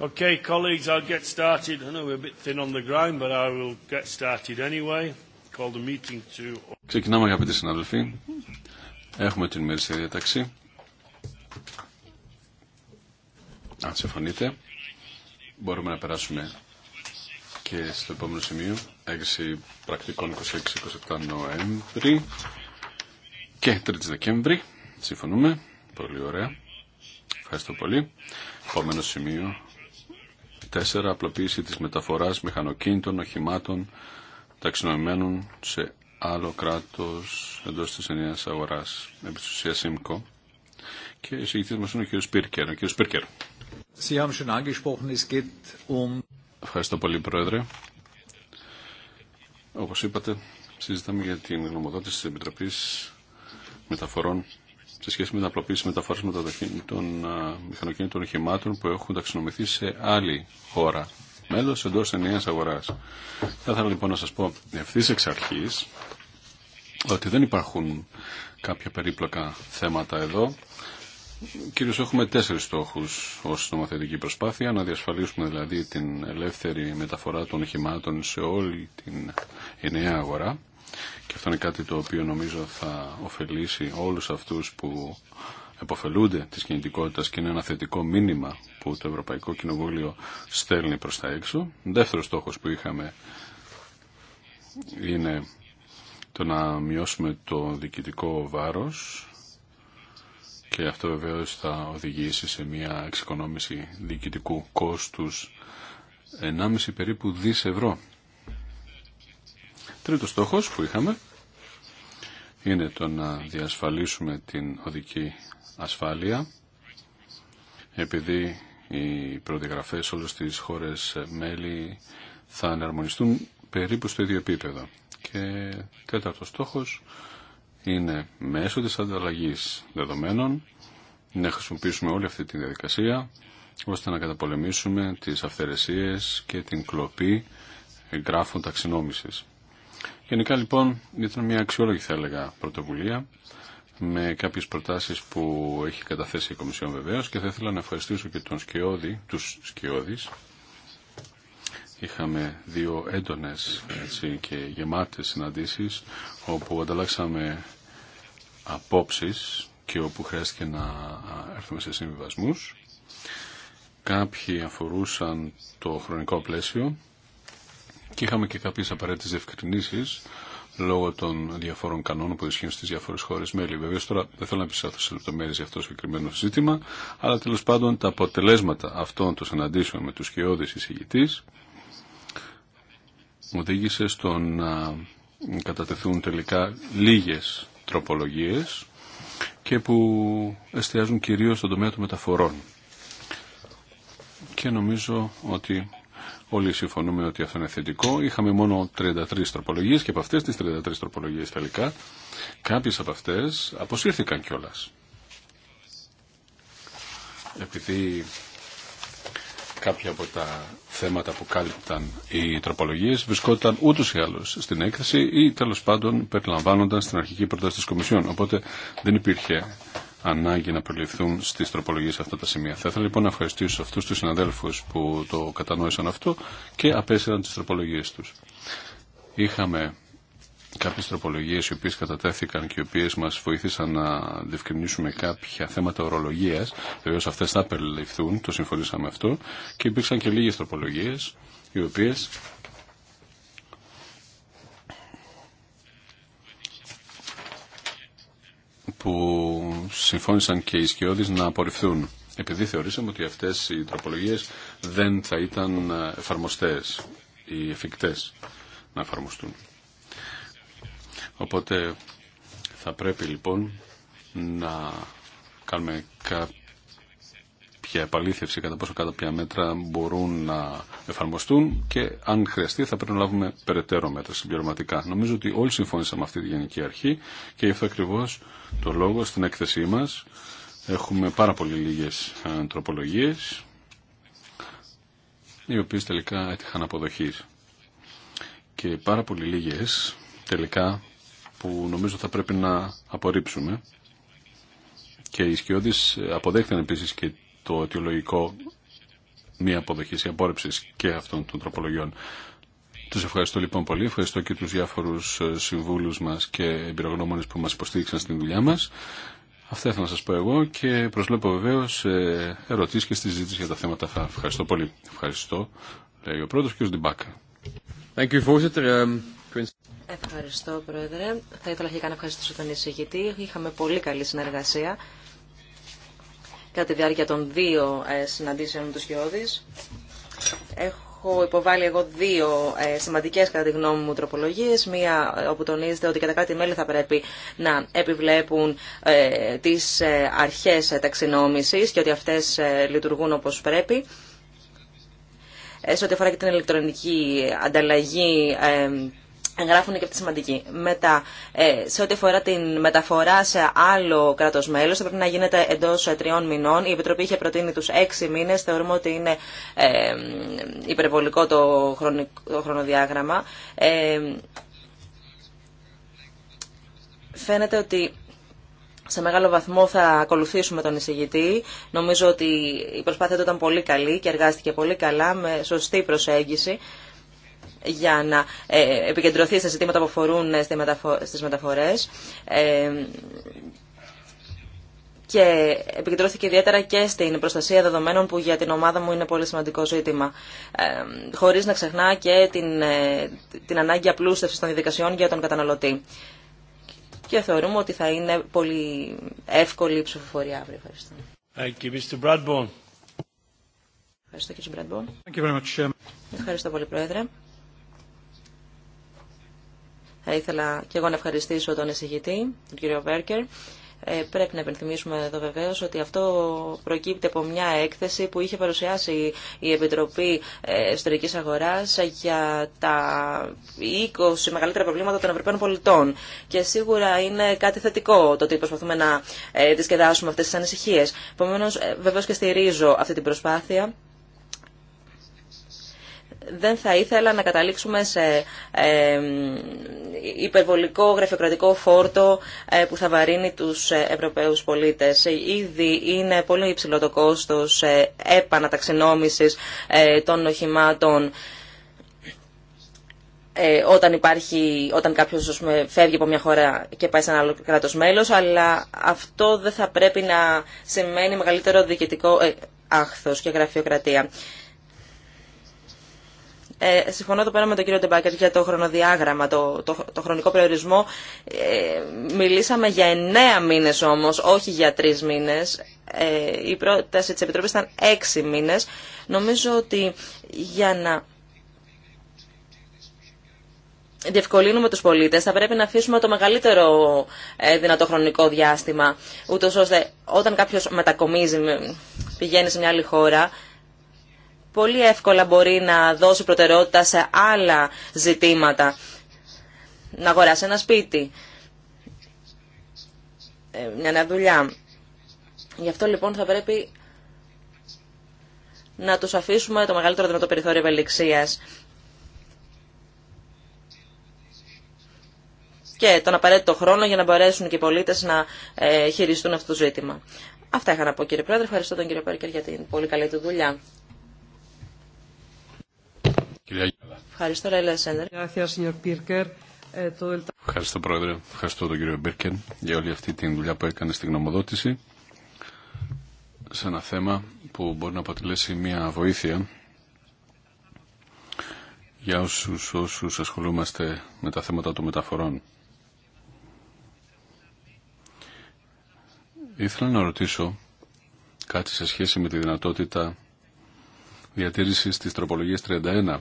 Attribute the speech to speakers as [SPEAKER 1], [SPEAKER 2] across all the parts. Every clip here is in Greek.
[SPEAKER 1] Okay, colleagues, I'll get started. I know we're a bit thin on the ground, but I will get started anyway. Call the meeting to... Ξεκινάμε, αγαπητοί συνάδελφοι. Έχουμε την ημερήσια διαταξή. Αν συμφωνείτε, μπορούμε να περάσουμε και στο επόμενο σημείο, έγκριση πρακτικών 26-27 Νοέμβρη και 3 Δεκέμβρη. Συμφωνούμε. Πολύ ωραία. Ευχαριστώ πολύ. Επόμενο σημείο 4. Απλοποίηση της μεταφοράς μηχανοκίνητων οχημάτων ταξινομημένων σε άλλο κράτος εντός της ενιαίας αγοράς επί της ουσίας ΣΥΜΚΟ. Και η συγκεκριτής μας είναι ο κ. Σπίρκερ. Ο κ. Σπίρκερ. Um- Ευχαριστώ πολύ, Πρόεδρε. Όπως είπατε, συζητάμε για την γνωμοδότηση της Επιτροπής Μεταφορών σε σχέση με την απλοποίηση μεταφορά των μηχανοκίνητων οχημάτων που έχουν ταξινομηθεί σε άλλη χώρα μέλο εντό ενιαία αγορά. Θα ήθελα λοιπόν να σα πω ευθύ εξ αρχή ότι δεν υπάρχουν κάποια περίπλοκα θέματα εδώ. Κυρίω έχουμε τέσσερι στόχου ω νομοθετική προσπάθεια. Να διασφαλίσουμε δηλαδή την ελεύθερη μεταφορά των οχημάτων σε όλη την ενιαία αγορά. Και αυτό είναι κάτι το οποίο νομίζω θα ωφελήσει όλους αυτούς που εποφελούνται της κινητικότητας και είναι ένα θετικό μήνυμα που το Ευρωπαϊκό Κοινοβούλιο στέλνει προς τα έξω. Δεύτερος στόχος που είχαμε είναι το να μειώσουμε το διοικητικό βάρος και αυτό βεβαίως θα οδηγήσει σε μια εξοικονόμηση διοικητικού κόστους 1,5 περίπου δις ευρώ Τρίτος στόχος που είχαμε είναι το να διασφαλίσουμε την οδική ασφάλεια επειδή οι προδιαγραφές όλες τις χώρες μέλη θα εναρμονιστούν περίπου στο ίδιο επίπεδο. Και τέταρτος στόχος είναι μέσω της ανταλλαγής δεδομένων να χρησιμοποιήσουμε όλη αυτή τη διαδικασία ώστε να καταπολεμήσουμε τις αυθαιρεσίες και την κλοπή γράφων ταξινόμησης. Γενικά λοιπόν ήταν μια αξιόλογη θα έλεγα πρωτοβουλία με κάποιες προτάσεις που έχει καταθέσει η Κομισιόν βεβαίως και θα ήθελα να ευχαριστήσω και τον Σκιώδη, τους Σκιώδης. Είχαμε δύο έντονες και γεμάτες συναντήσεις όπου ανταλλάξαμε απόψεις και όπου χρειάστηκε να έρθουμε σε συμβιβασμούς. Κάποιοι αφορούσαν το χρονικό πλαίσιο και είχαμε και κάποιε απαραίτητε διευκρινήσει λόγω των διαφόρων κανόνων που ισχύουν στι διαφορέ χώρε μέλη. Βεβαίω. τώρα δεν θέλω να επισταθώ σε λεπτομέρειε για αυτό το συγκεκριμένο ζήτημα, αλλά τέλο πάντων τα αποτελέσματα αυτών των συναντήσεων με τους κοιόδης εισηγητής οδήγησε στο να κατατεθούν τελικά λίγε τροπολογίες και που εστιάζουν κυρίως στον τομέα των μεταφορών. Και νομίζω ότι Όλοι συμφωνούμε ότι αυτό είναι θετικό. Είχαμε μόνο 33 τροπολογίες και από αυτές τις 33 τροπολογίες τελικά κάποιες από αυτές αποσύρθηκαν κιόλα. Επειδή κάποια από τα θέματα που κάλυπταν οι τροπολογίες βρισκόταν ούτως ή άλλως στην έκθεση ή τέλος πάντων περιλαμβάνονταν στην αρχική πρόταση της Κομισιόν. Οπότε δεν υπήρχε ανάγκη να προληφθούν στι τροπολογίε αυτά τα σημεία. Θα ήθελα λοιπόν να ευχαριστήσω αυτού του συναδέλφου που το κατανόησαν αυτό και απέσυραν τι τροπολογίε του. Είχαμε κάποιε τροπολογίε οι οποίε κατατέθηκαν και οι οποίε μα βοήθησαν να διευκρινίσουμε κάποια θέματα ορολογία. Βεβαίω αυτέ θα περιληφθούν, το συμφωνήσαμε αυτό. Και υπήρξαν και λίγε τροπολογίε οι οποίε που συμφώνησαν και οι σκιώδεις να απορριφθούν επειδή θεωρήσαμε ότι αυτές οι τροπολογίες δεν θα ήταν εφαρμοστές ή εφικτές να εφαρμοστούν. Οπότε θα πρέπει λοιπόν να κάνουμε για επαλήθευση κατά πόσο ποια μέτρα μπορούν να εφαρμοστούν και αν χρειαστεί θα πρέπει να λάβουμε περαιτέρω μέτρα συμπληρωματικά. Νομίζω ότι όλοι συμφώνησαμε αυτή τη γενική αρχή και γι' αυτό ακριβώ το λόγο στην έκθεσή μα έχουμε πάρα πολύ λίγε τροπολογίε οι οποίε τελικά έτυχαν αποδοχή. Και πάρα πολύ λίγε τελικά που νομίζω θα πρέπει να απορρίψουμε και οι σκιώδεις ε, αποδέχτηκαν επίσης και το αιτιολογικό μια αποδοχή ή απόρριψη και αυτών των τροπολογιών. Του ευχαριστώ λοιπόν πολύ. Ευχαριστώ και του διάφορου ε, συμβούλου μα και εμπειρογνώμονε που μα υποστήριξαν στην δουλειά μα. Αυτά ήθελα να σα πω εγώ και προσλέπω βεβαίω ε, ερωτήσει και στη συζήτηση για τα θέματα αυτά. Ευχαριστώ πολύ. Ευχαριστώ. Λέει ο πρώτο, κ. Ντιμπάκα. Um,
[SPEAKER 2] ευχαριστώ, Πρόεδρε. Θα ήθελα αρχικά να ευχαριστήσω τον εισηγητή. Είχαμε πολύ καλή συνεργασία κατά τη διάρκεια των δύο ε, συναντήσεων του τους Έχω υποβάλει εγώ δύο ε, σημαντικές κατά τη γνώμη μου τροπολογίε. Μία ε, όπου τονίζεται ότι κατά κάτι μέλη θα πρέπει να επιβλέπουν τις αρχές ταξινόμησης και ότι αυτές λειτουργούν όπως πρέπει. Σε ό,τι αφορά και την ηλεκτρονική ανταλλαγή εγγράφουν και αυτή σημαντική. Μετά, ε, σε ό,τι αφορά την μεταφορά σε άλλο κράτο μέλο, θα πρέπει να γίνεται εντό τριών μηνών. Η Επιτροπή είχε προτείνει του έξι μήνε. Θεωρούμε ότι είναι ε, υπερβολικό το, χρονοδιάγραμμα. Ε, φαίνεται ότι σε μεγάλο βαθμό θα ακολουθήσουμε τον εισηγητή. Νομίζω ότι η προσπάθεια του ήταν πολύ καλή και εργάστηκε πολύ καλά με σωστή προσέγγιση για να ε, επικεντρωθεί στα ζητήματα που αφορούν ε, στις μεταφορές ε, και επικεντρώθηκε ιδιαίτερα και στην προστασία δεδομένων που για την ομάδα μου είναι πολύ σημαντικό ζήτημα. Ε, χωρίς να ξεχνά και την, την ανάγκη απλούστευσης των διδικασιών για τον καταναλωτή. Και θεωρούμε ότι θα είναι πολύ εύκολη η ψηφοφορία αύριο. Ευχαριστώ. Ευχαριστώ, κύριε
[SPEAKER 1] Μπραντμπορν.
[SPEAKER 2] Ευχαριστώ πολύ, Πρόεδρε. Θα ήθελα και εγώ να ευχαριστήσω τον εισηγητή, τον κύριο Βέρκερ. Ε, πρέπει να υπενθυμίσουμε εδώ βεβαίω ότι αυτό προκύπτει από μια έκθεση που είχε παρουσιάσει η Επιτροπή Εσωτερική Αγοράς για τα 20 μεγαλύτερα προβλήματα των Ευρωπαίων πολιτών. Και σίγουρα είναι κάτι θετικό το ότι προσπαθούμε να δισκεδάσουμε ε, αυτές τις ανησυχίες. Επομένω, ε, και στηρίζω αυτή την προσπάθεια δεν θα ήθελα να καταλήξουμε σε υπερβολικό γραφειοκρατικό φόρτο ε, που θα βαρύνει τους ε, Ευρωπαίους πολίτες. Ε, ήδη είναι πολύ υψηλό το κόστος επαναταξινόμησης των οχημάτων όταν, υπάρχει, όταν κάποιος φεύγει από μια χώρα και πάει σε ένα άλλο κράτος μέλος, αλλά αυτό δεν θα πρέπει να σημαίνει μεγαλύτερο διοικητικό άχθος και γραφειοκρατία. Ε, συμφωνώ το πέρα με τον κύριο Ντεμπάκερ για το χρονοδιάγραμμα, το, το, το χρονικό περιορισμό. Ε, μιλήσαμε για εννέα μήνες όμως, όχι για τρει μήνες. Ε, η πρόταση της Επιτροπής ήταν έξι μήνες. Νομίζω ότι για να διευκολύνουμε τους πολίτες, θα πρέπει να αφήσουμε το μεγαλύτερο ε, δυνατό χρονικό διάστημα, ούτως ώστε όταν κάποιος μετακομίζει, πηγαίνει σε μια άλλη χώρα, πολύ εύκολα μπορεί να δώσει προτεραιότητα σε άλλα ζητήματα. Να αγοράσει ένα σπίτι, ε, μια νέα δουλειά. Γι' αυτό λοιπόν θα πρέπει να τους αφήσουμε το μεγαλύτερο δυνατό περιθώριο ευελιξίας. και τον απαραίτητο χρόνο για να μπορέσουν και οι πολίτε να ε, χειριστούν αυτό το ζήτημα. Αυτά είχα να πω κύριε Πρόεδρε. Ευχαριστώ τον κύριο Πέρκερ για την πολύ καλή του δουλειά. Ευχαριστώ, Ρέλα Σέντερ. Ε,
[SPEAKER 1] Ευχαριστώ, Πρόεδρε. Ευχαριστώ τον κύριο Μπίρκεν για όλη αυτή τη δουλειά που έκανε στην γνωμοδότηση σε ένα θέμα που μπορεί να αποτελέσει μια βοήθεια για όσους, όσους ασχολούμαστε με τα θέματα των μεταφορών. Ήθελα να ρωτήσω κάτι σε σχέση με τη δυνατότητα διατήρησης της τροπολογίας 31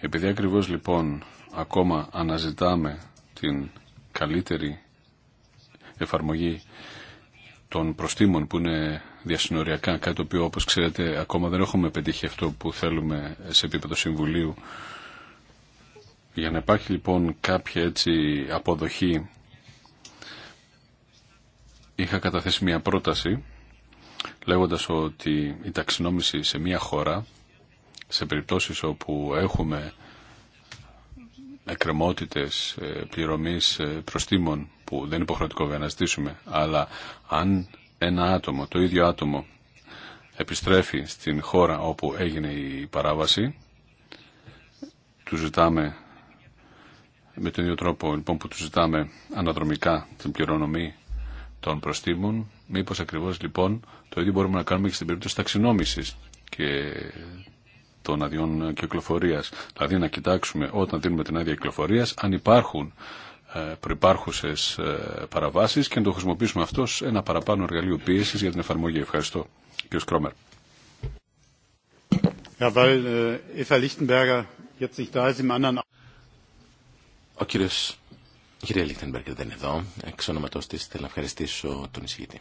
[SPEAKER 1] επειδή ακριβώς λοιπόν ακόμα αναζητάμε την καλύτερη εφαρμογή των προστήμων που είναι διασυνοριακά, κάτι το οποίο όπως ξέρετε ακόμα δεν έχουμε πετύχει αυτό που θέλουμε σε επίπεδο Συμβουλίου. Για να υπάρχει λοιπόν κάποια έτσι αποδοχή είχα καταθέσει μια πρόταση λέγοντας ότι η ταξινόμηση σε μια χώρα σε περιπτώσεις όπου έχουμε εκκρεμότητες ε, πληρωμής ε, προστήμων που δεν είναι υποχρεωτικό βέβαια να ζητήσουμε, αλλά αν ένα άτομο, το ίδιο άτομο, επιστρέφει στην χώρα όπου έγινε η παράβαση, του ζητάμε με τον ίδιο τρόπο λοιπόν, που του ζητάμε αναδρομικά την πληρονομή των προστήμων, μήπως ακριβώς λοιπόν το ίδιο μπορούμε να κάνουμε και στην περίπτωση ταξινόμησης των αδειών κυκλοφορία, Δηλαδή να κοιτάξουμε όταν δίνουμε την άδεια κυκλοφορίας αν υπάρχουν ε, προπαρχουσε ε, παραβάσεις και να το χρησιμοποιήσουμε αυτό ένα παραπάνω εργαλείο πίεσης για την εφαρμογή. Ευχαριστώ. Κ. Κρόμερ. Ο κύριος
[SPEAKER 3] η Λίχτενμπεργκ δεν είναι εδώ. Εξ ονόματός της θέλω να ευχαριστήσω τον εισηγητή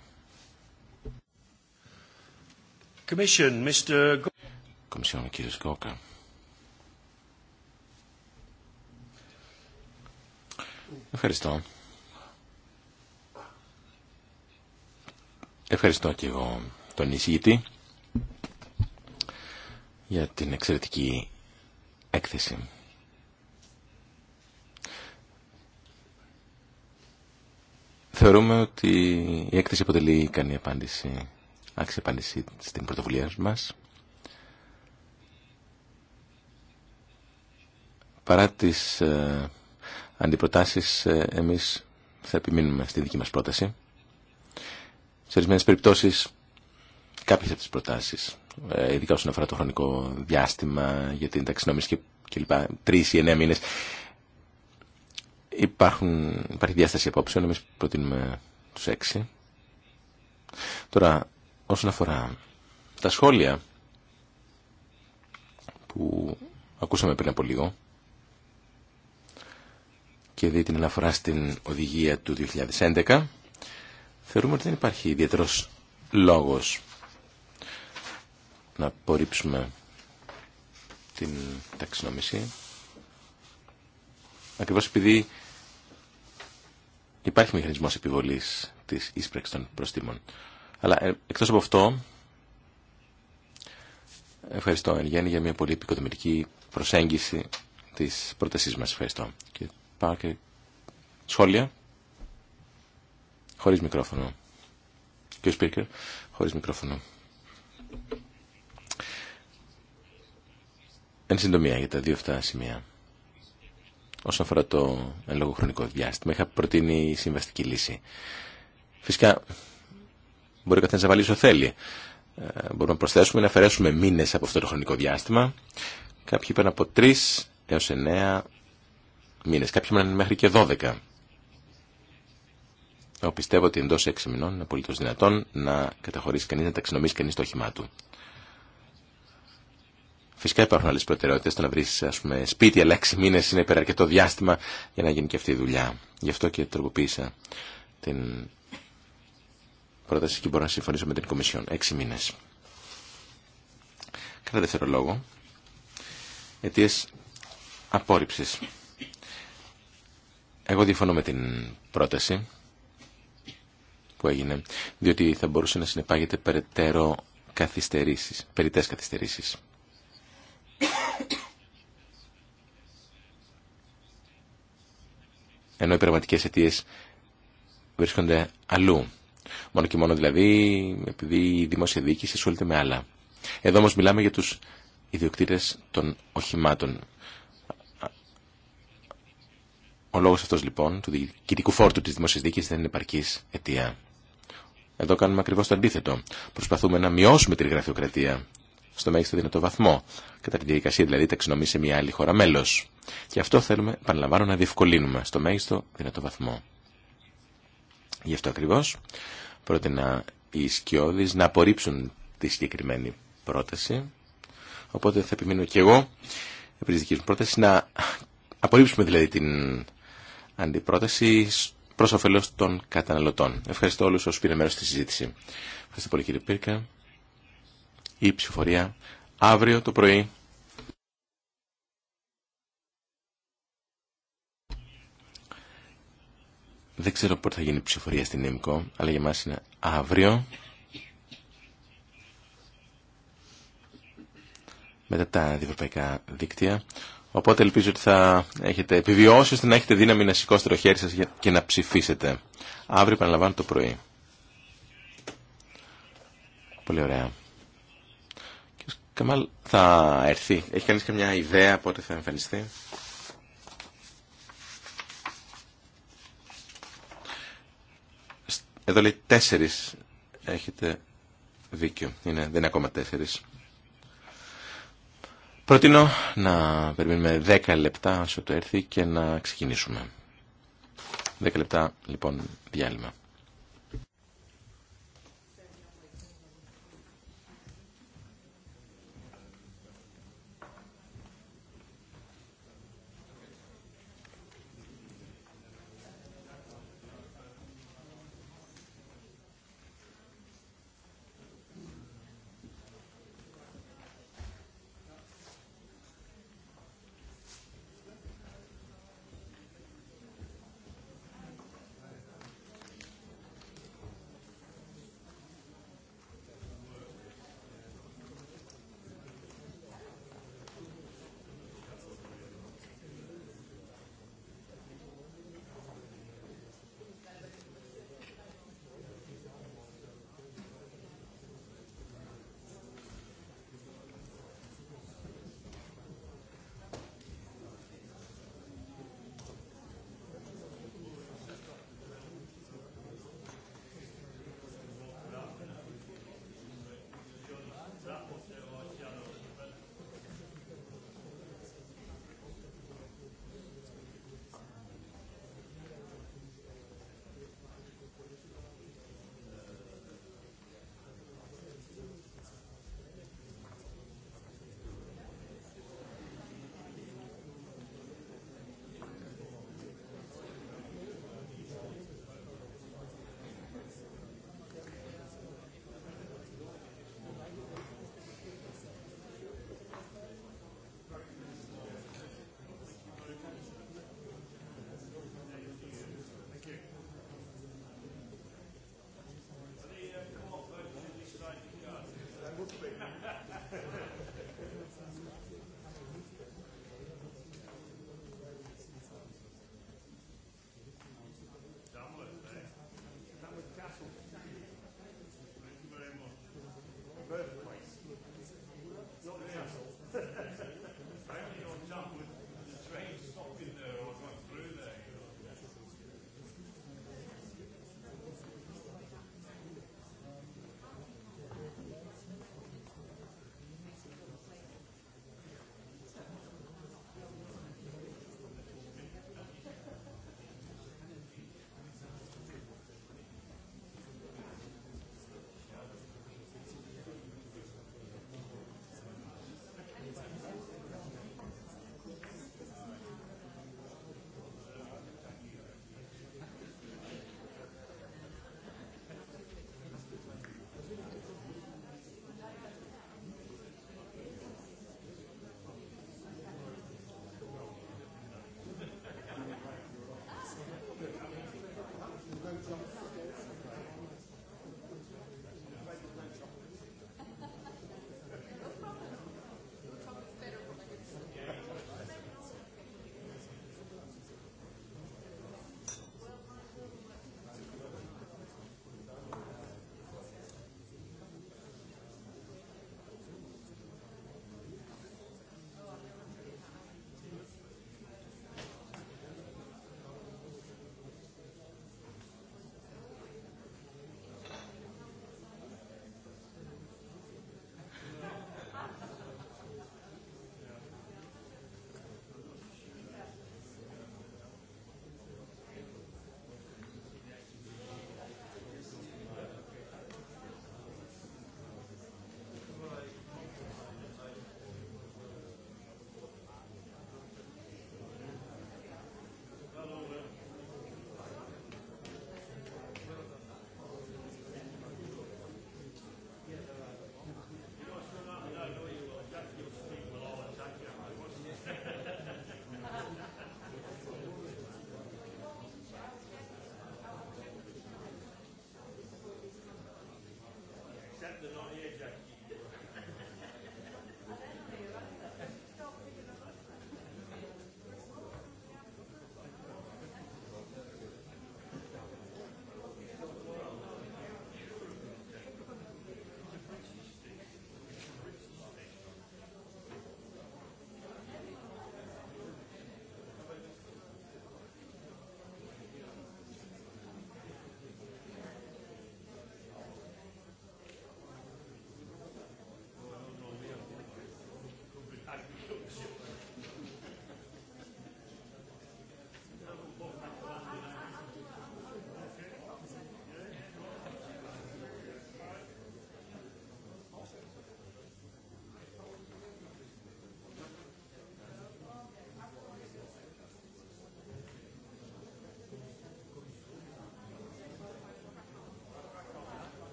[SPEAKER 3] ερωτήσεων, κύριε Σκόκα. Ευχαριστώ. Ευχαριστώ και εγώ τον εισηγητή για την εξαιρετική έκθεση. Θεωρούμε ότι η έκθεση αποτελεί ικανή απάντηση, άξια απάντηση στην πρωτοβουλία μας. Παρά τις ε, αντιπροτάσεις, ε, εμείς θα επιμείνουμε στη δική μας πρόταση. Σε ορισμένε περιπτώσεις, κάποιες από τις προτάσεις, ε, ειδικά όσον αφορά το χρονικό διάστημα για την ταξινόμηση και, και λοιπά, τρεις ή εννέα μήνες, υπάρχουν, υπάρχει διάσταση απόψεων, εμείς προτείνουμε τους έξι. Τώρα, όσον αφορά τα σχόλια που ακούσαμε πριν από λίγο, και δει την αναφορά στην οδηγία του 2011, θεωρούμε ότι δεν υπάρχει ιδιαίτερος λόγος να απορρίψουμε την ταξινόμηση ακριβώς επειδή υπάρχει μηχανισμός επιβολής της ίσπραξης των προστήμων. Αλλά ε, εκτός από αυτό, ευχαριστώ εν για μια πολύ επικοδομητική προσέγγιση της πρότασής μας. Ευχαριστώ. Πάω σχόλια. Χωρίς μικρόφωνο. Και ο Σπίρκερ χωρίς μικρόφωνο. Εν συντομία για τα δύο αυτά σημεία. Όσον αφορά το εν λόγω χρονικό διάστημα, είχα προτείνει η συμβαστική λύση. Φυσικά, μπορεί ο να βάλει όσο θέλει. Ε, μπορούμε να προσθέσουμε να αφαιρέσουμε μήνες από αυτό το χρονικό διάστημα. Κάποιοι είπαν από 3 έω εννέα μήνες. Κάποιοι μένουν μέχρι και 12. Εγώ πιστεύω ότι εντός 6 μηνών είναι απολύτως δυνατόν να καταχωρήσει κανείς, να ταξινομήσει κανείς το όχημά του. Φυσικά υπάρχουν άλλες προτεραιότητες, το να βρεις ας πούμε, σπίτι, αλλά 6 μήνες είναι υπεραρκετό διάστημα για να γίνει και αυτή η δουλειά. Γι' αυτό και τροποποίησα την πρόταση και μπορώ να συμφωνήσω με την Κομισιόν. 6 μήνες. Κατά δεύτερο λόγο, αιτίες απόρριψης. Εγώ διαφωνώ με την πρόταση που έγινε, διότι θα μπορούσε να συνεπάγεται περαιτέρω καθυστερήσεις, περιττές καθυστερήσεις. Ενώ οι πραγματικέ αιτίε βρίσκονται αλλού. Μόνο και μόνο δηλαδή επειδή η δημόσια διοίκηση ασχολείται με άλλα. Εδώ όμω μιλάμε για τους ιδιοκτήτες των οχημάτων. Ο λόγος αυτός λοιπόν του διοικητικού φόρτου της δημόσιας δίκης δεν είναι επαρκής αιτία. Εδώ κάνουμε ακριβώς το αντίθετο. Προσπαθούμε να μειώσουμε τη γραφειοκρατία στο μέγιστο δυνατό βαθμό, κατά τη διαδικασία δηλαδή ταξινομή σε μια άλλη χώρα μέλος. Και αυτό θέλουμε, επαναλαμβάνω, να διευκολύνουμε στο μέγιστο δυνατό βαθμό. Γι' αυτό ακριβώς πρότεινα οι σκιώδεις να απορρίψουν τη συγκεκριμένη πρόταση. Οπότε θα επιμείνω και εγώ, επί της μου πρόταση, να απορρίψουμε δηλαδή την αντιπρόταση προ όφελο των καταναλωτών. Ευχαριστώ όλου όσου πήραν μέρο στη συζήτηση. Ευχαριστώ πολύ κύριε Πίρκα. Η ψηφοφορία αύριο το πρωί. Δεν ξέρω πότε θα γίνει η ψηφοφορία στην ΕΜΚΟ, αλλά για μας είναι αύριο. Μετά τα διευρωπαϊκά δίκτυα, Οπότε ελπίζω ότι θα έχετε επιβιώσει ώστε να έχετε δύναμη να σηκώσετε το χέρι σας και να ψηφίσετε. Αύριο επαναλαμβάνω το πρωί. Πολύ ωραία. Και Καμάλ θα έρθει. Έχει κανείς μια ιδέα πότε θα εμφανιστεί. Εδώ λέει τέσσερις. Έχετε δίκιο. Είναι, δεν είναι ακόμα τέσσερις. Προτείνω να περιμένουμε 10 λεπτά όσο το έρθει και να ξεκινήσουμε. 10 λεπτά λοιπόν διάλειμμα.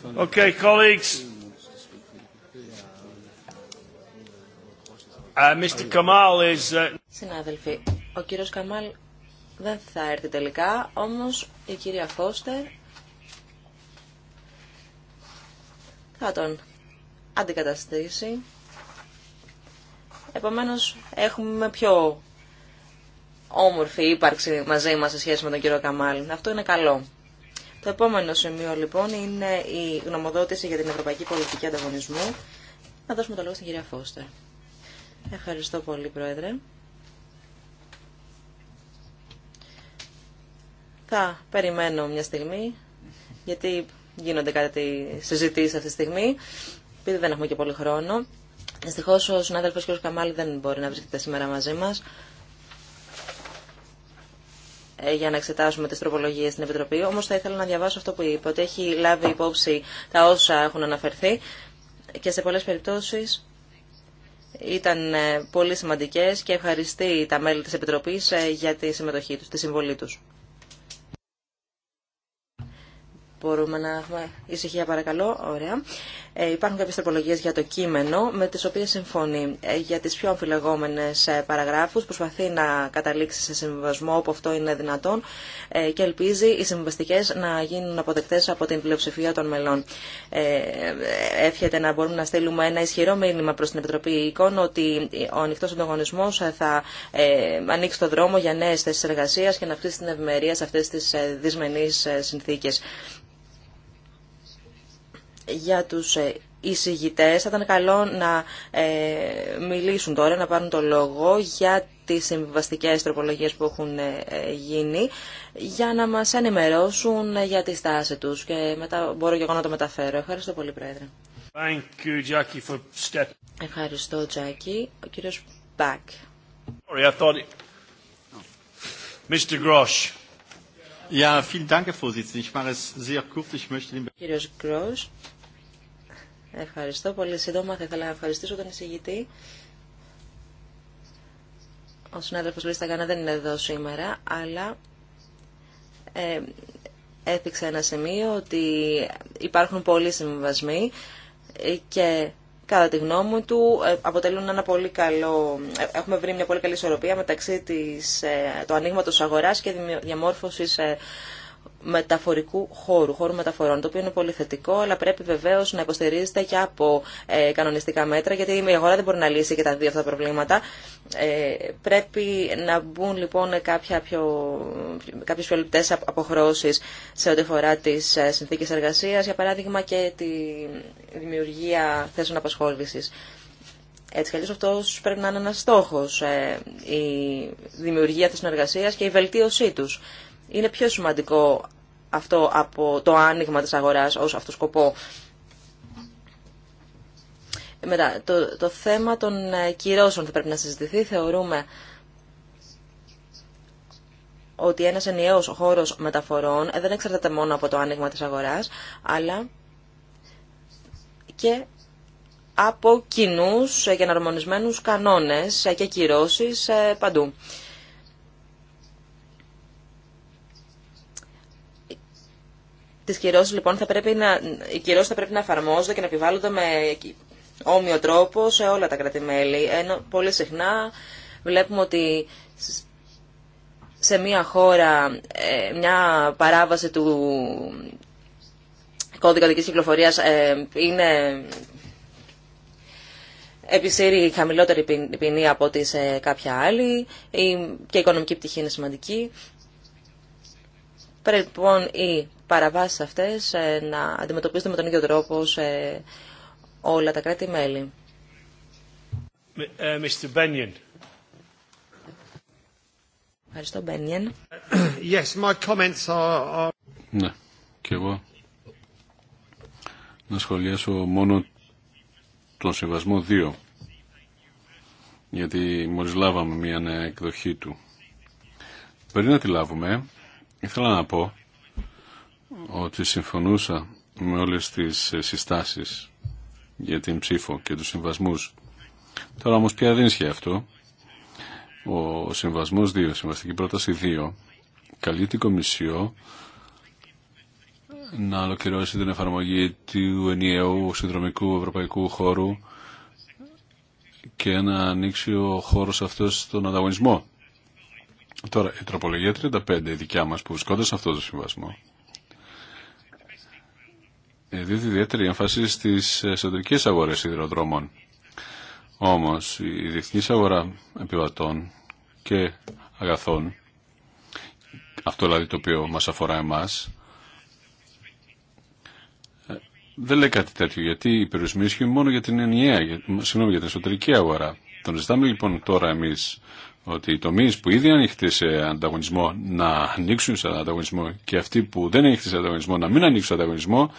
[SPEAKER 1] Uh,
[SPEAKER 2] uh, Συνάδελφοι, ο κύριος Καμάλ δεν θα έρθει τελικά, όμως η κυρία Φώστερ θα τον αντικαταστήσει. Επομένως, έχουμε πιο όμορφη ύπαρξη μαζί μας σε σχέση με τον κύριο Καμάλ. Αυτό είναι καλό. Το επόμενο σημείο λοιπόν είναι η γνωμοδότηση για την Ευρωπαϊκή Πολιτική Ανταγωνισμού. Να δώσουμε το λόγο στην κυρία Φώστερ. Ευχαριστώ πολύ, Πρόεδρε. Θα περιμένω μια στιγμή, γιατί γίνονται κάτι συζητήσει αυτή τη στιγμή, επειδή δεν έχουμε και πολύ χρόνο. Δυστυχώ ο συνάδελφο κ. Καμάλη δεν μπορεί να βρίσκεται σήμερα μαζί μα. Ε, για να εξετάσουμε τις τροπολογίε στην Επιτροπή. Όμως θα ήθελα να διαβάσω αυτό που είπε, ότι έχει λάβει υπόψη τα όσα έχουν αναφερθεί και σε πολλέ περιπτώσεις ήταν ε, πολύ σημαντικές και ευχαριστεί τα μέλη της Επιτροπής ε, για τη συμμετοχή του, τη συμβολή τους. Μπορούμε να έχουμε ησυχία παρακαλώ. Ωραία. Ε, υπάρχουν κάποιες τροπολογίες για το κείμενο με τις οποίες συμφωνεί. Ε, για τις πιο αμφιλεγόμενες ε, παραγράφους προσπαθεί να καταλήξει σε συμβιβασμό όπου αυτό είναι δυνατόν ε, και ελπίζει οι συμβιβαστικέ να γίνουν αποδεκτές από την πλειοψηφία των μελών. Ε, εύχεται να μπορούμε να στείλουμε ένα ισχυρό μήνυμα προς την Επιτροπή Εικόν ότι ο ανοιχτό ανταγωνισμό θα ε, ανοίξει το δρόμο για νέε θέσει εργασία και να αυξήσει την ευημερία σε αυτέ τι ε, δυσμενεί ε, συνθήκε για τους ε, εισηγητές. Θα ήταν καλό να ε, μιλήσουν τώρα, να πάρουν το λόγο για τις συμβιβαστικέ τροπολογίες που έχουν ε, γίνει για να μας ενημερώσουν για τη στάση τους και μετά μπορώ και εγώ να το μεταφέρω. Ευχαριστώ πολύ, Πρόεδρε. you, Jackie, for Ευχαριστώ, Τζάκι. Ο κύριος Μπακ.
[SPEAKER 1] Sorry, I thought Mr. Ja, vielen
[SPEAKER 2] Κύριος Γκρός, ευχαριστώ πολύ. Σύντομα θα ήθελα να ευχαριστήσω τον εισηγητή. Ο συνάδελφος Λίστα Κανά δεν είναι εδώ σήμερα, αλλά ε, έθιξε ένα σημείο ότι υπάρχουν πολλοί συμβασμοί και κατά τη γνώμη του, ε, αποτελούν ένα πολύ καλό, ε, έχουμε βρει μια πολύ καλή ισορροπία μεταξύ της, ε, του ανοίγματο αγοράς και διαμόρφωσης μεταφορικού χώρου, χώρου μεταφορών, το οποίο είναι πολύ θετικό, αλλά πρέπει βεβαίω να υποστηρίζεται και από ε, κανονιστικά μέτρα, γιατί η αγορά δεν μπορεί να λύσει και τα δύο αυτά τα προβλήματα. Ε, πρέπει να μπουν λοιπόν κάποιε πιο, κάποιες πιο αποχρώσεις σε ό,τι αφορά τι ε, συνθήκε εργασία, για παράδειγμα και τη δημιουργία θέσεων απασχόληση. Έτσι κι αυτό πρέπει να είναι ένα στόχο, ε, η δημιουργία της εργασία και η βελτίωσή του είναι πιο σημαντικό αυτό από το άνοιγμα της αγοράς ως αυτό σκοπό. Μετά, το, το θέμα των ε, κυρώσεων θα πρέπει να συζητηθεί. Θεωρούμε ότι ένας ενιαίος χώρος μεταφορών ε, δεν εξαρτάται μόνο από το άνοιγμα της αγοράς, αλλά και από κοινού και εναρμονισμένους κανόνες ε, και κυρώσεις παντού. Τις κυρώσεις λοιπόν θα πρέπει να, οι κυρώσεις θα πρέπει να εφαρμόζονται και να επιβάλλονται με όμοιο τρόπο σε όλα τα κρατημέλη. Ενώ πολύ συχνά βλέπουμε ότι σε μια χώρα ε, μια παράβαση του κώδικα δικής κυκλοφορίας ε, είναι επισύρει χαμηλότερη ποινή από ό,τι σε κάποια άλλη και η οικονομική πτυχή είναι σημαντική. Πρέπει λοιπόν οι παραβάσεις αυτές ε, να αντιμετωπίζονται με τον ίδιο τρόπο σε όλα τα κράτη-μέλη. Ε, Ευχαριστώ, Μπένιεν. Yes, my comments are...
[SPEAKER 1] Ναι, και εγώ να σχολιάσω μόνο τον Σεβασμό 2 γιατί μόλις λάβαμε μια εκδοχή του. Πριν να τη λάβουμε, ήθελα να πω ότι συμφωνούσα με όλες τις ε, συστάσεις για την ψήφο και τους συμβασμούς. Τώρα όμως πια δεν ισχύει αυτό. Ο συμβασμός 2, η συμβαστική πρόταση 2, καλεί την Κομισιό να ολοκληρώσει την εφαρμογή του ενιαίου συνδρομικού ευρωπαϊκού χώρου και να ανοίξει ο χώρος αυτός στον ανταγωνισμό. Τώρα, η τροπολογία 35, η δικιά μας που βρισκόταν σε αυτό το συμβασμό, ε, δίδει ιδιαίτερη έμφαση στις εσωτερικέ αγορές υδροδρόμων. Όμως η διεθνή αγορά επιβατών και αγαθών, αυτό δηλαδή το οποίο μας αφορά εμάς, ε, δεν λέει κάτι τέτοιο, γιατί οι περιορισμοί μόνο για την ενιαία, για, συγγνώμη, για την εσωτερική αγορά. Τον ζητάμε λοιπόν τώρα εμεί ότι οι τομεί που ήδη ανοιχτοί σε ανταγωνισμό να ανοίξουν σε ανταγωνισμό και αυτοί που δεν ανοιχτοί σε ανταγωνισμό να μην ανοίξουν σε ανταγωνισμό,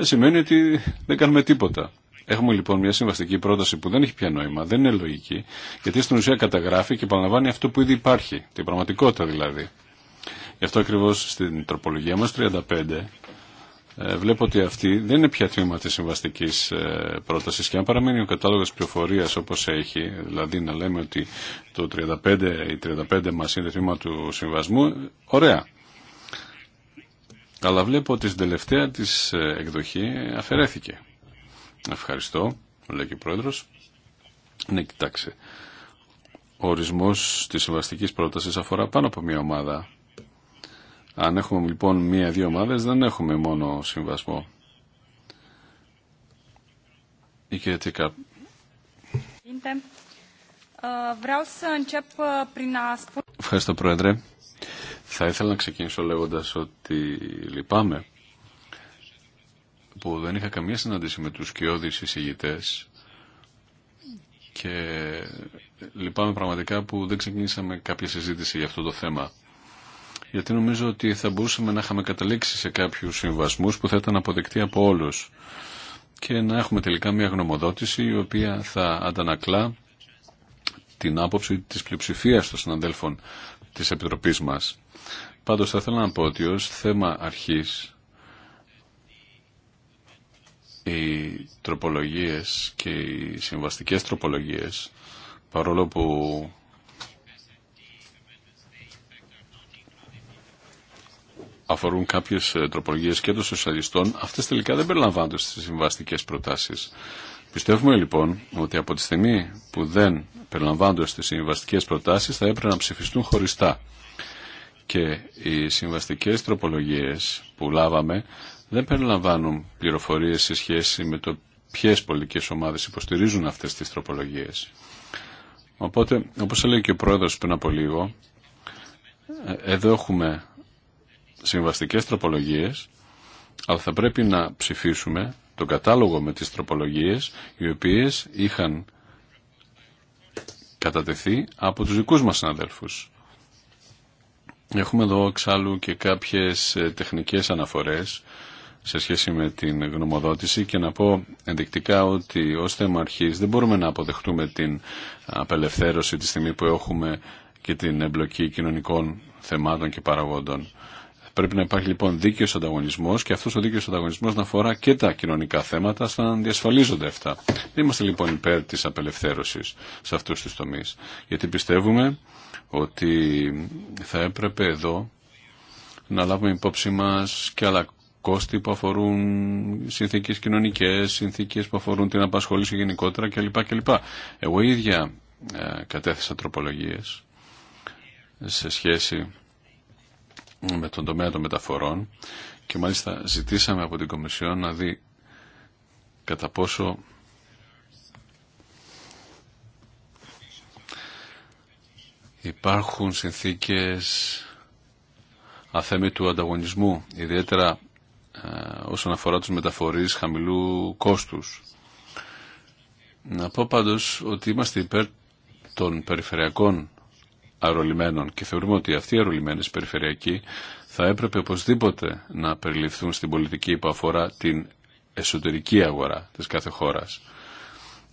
[SPEAKER 1] δεν σημαίνει ότι δεν κάνουμε τίποτα. Έχουμε λοιπόν μια συμβαστική πρόταση που δεν έχει πια νόημα, δεν είναι λογική, γιατί στην ουσία καταγράφει και επαναλαμβάνει αυτό που ήδη υπάρχει, την πραγματικότητα δηλαδή. Γι' αυτό ακριβώ στην τροπολογία μα 35 ε, βλέπω ότι αυτή δεν είναι πια τμήμα τη συμβαστική ε, πρόταση και αν παραμένει ο κατάλογο πληροφορία όπω έχει, δηλαδή να λέμε ότι το 35, η 35 μα είναι τμήμα του συμβασμού, ωραία αλλά βλέπω ότι στην τελευταία της ε, εκδοχή αφαιρέθηκε. Ευχαριστώ, λέει και ο Πρόεδρος. Ναι, κοιτάξτε. Ο ορισμός της συμβαστικής πρότασης αφορά πάνω από μία ομάδα. Αν έχουμε λοιπόν μία-δύο ομάδες δεν έχουμε μόνο συμβασμό. Η κυρία Τίκα.
[SPEAKER 2] Ε, ε,
[SPEAKER 1] Ευχαριστώ Πρόεδρε. Θα ήθελα να ξεκινήσω λέγοντας ότι λυπάμαι που δεν είχα καμία συνάντηση με τους κοιόδης εισηγητές και λυπάμαι πραγματικά που δεν ξεκινήσαμε κάποια συζήτηση για αυτό το θέμα. Γιατί νομίζω ότι θα μπορούσαμε να είχαμε καταλήξει σε κάποιους συμβασμούς που θα ήταν αποδεκτοί από όλους και να έχουμε τελικά μια γνωμοδότηση η οποία θα αντανακλά την άποψη της πλειοψηφίας των συναντέλφων της Επιτροπής μας. Πάντως θα ήθελα να πω ότι ως θέμα αρχής οι τροπολογίες και οι συμβαστικές τροπολογίες παρόλο που αφορούν κάποιες τροπολογίες και των σοσιαλιστών αυτές τελικά δεν περιλαμβάνονται στις συμβαστικές προτάσεις. Πιστεύουμε λοιπόν ότι από τη στιγμή που δεν περιλαμβάνονται στις συμβαστικές προτάσεις θα έπρεπε να ψηφιστούν χωριστά. Και οι συμβαστικές τροπολογίες που λάβαμε δεν περιλαμβάνουν πληροφορίες σε σχέση με το ποιες πολιτικές ομάδες υποστηρίζουν αυτές τις τροπολογίες. Οπότε, όπως έλεγε και ο πρόεδρος πριν από λίγο, ε, εδώ έχουμε συμβαστικές τροπολογίες, αλλά θα πρέπει να ψηφίσουμε τον κατάλογο με τις τροπολογίες οι οποίες είχαν κατατεθεί από τους δικούς μας συναδέλφους. Έχουμε εδώ εξάλλου και κάποιες ε, τεχνικές αναφορές σε σχέση με την γνωμοδότηση και να πω ενδεικτικά ότι ως θέμα αρχής δεν μπορούμε να αποδεχτούμε την απελευθέρωση τη στιγμή που έχουμε και την εμπλοκή κοινωνικών θεμάτων και παραγόντων. Πρέπει να υπάρχει λοιπόν δίκαιο ανταγωνισμό και αυτό ο δίκαιο ανταγωνισμό να αφορά και τα κοινωνικά θέματα, σαν να διασφαλίζονται αυτά. Δεν είμαστε λοιπόν υπέρ τη απελευθέρωση σε αυτού του τομεί. Γιατί πιστεύουμε ότι θα έπρεπε εδώ να λάβουμε υπόψη μα και άλλα κόστη που αφορούν συνθήκες κοινωνικές, συνθήκες που αφορούν την απασχόληση γενικότερα κλπ. κλπ. Εγώ ίδια ε, κατέθεσα τροπολογίες σε σχέση με τον τομέα των μεταφορών και μάλιστα ζητήσαμε από την Κομισιόν να δει κατά πόσο υπάρχουν συνθήκες αθέμητου ανταγωνισμού, ιδιαίτερα ε, όσον αφορά τους μεταφορείς χαμηλού κόστους. Να πω πάντως ότι είμαστε υπέρ των περιφερειακών και θεωρούμε ότι αυτοί οι αερολιμένες περιφερειακοί θα έπρεπε οπωσδήποτε να περιληφθούν στην πολιτική που αφορά την εσωτερική αγορά της κάθε χώρας.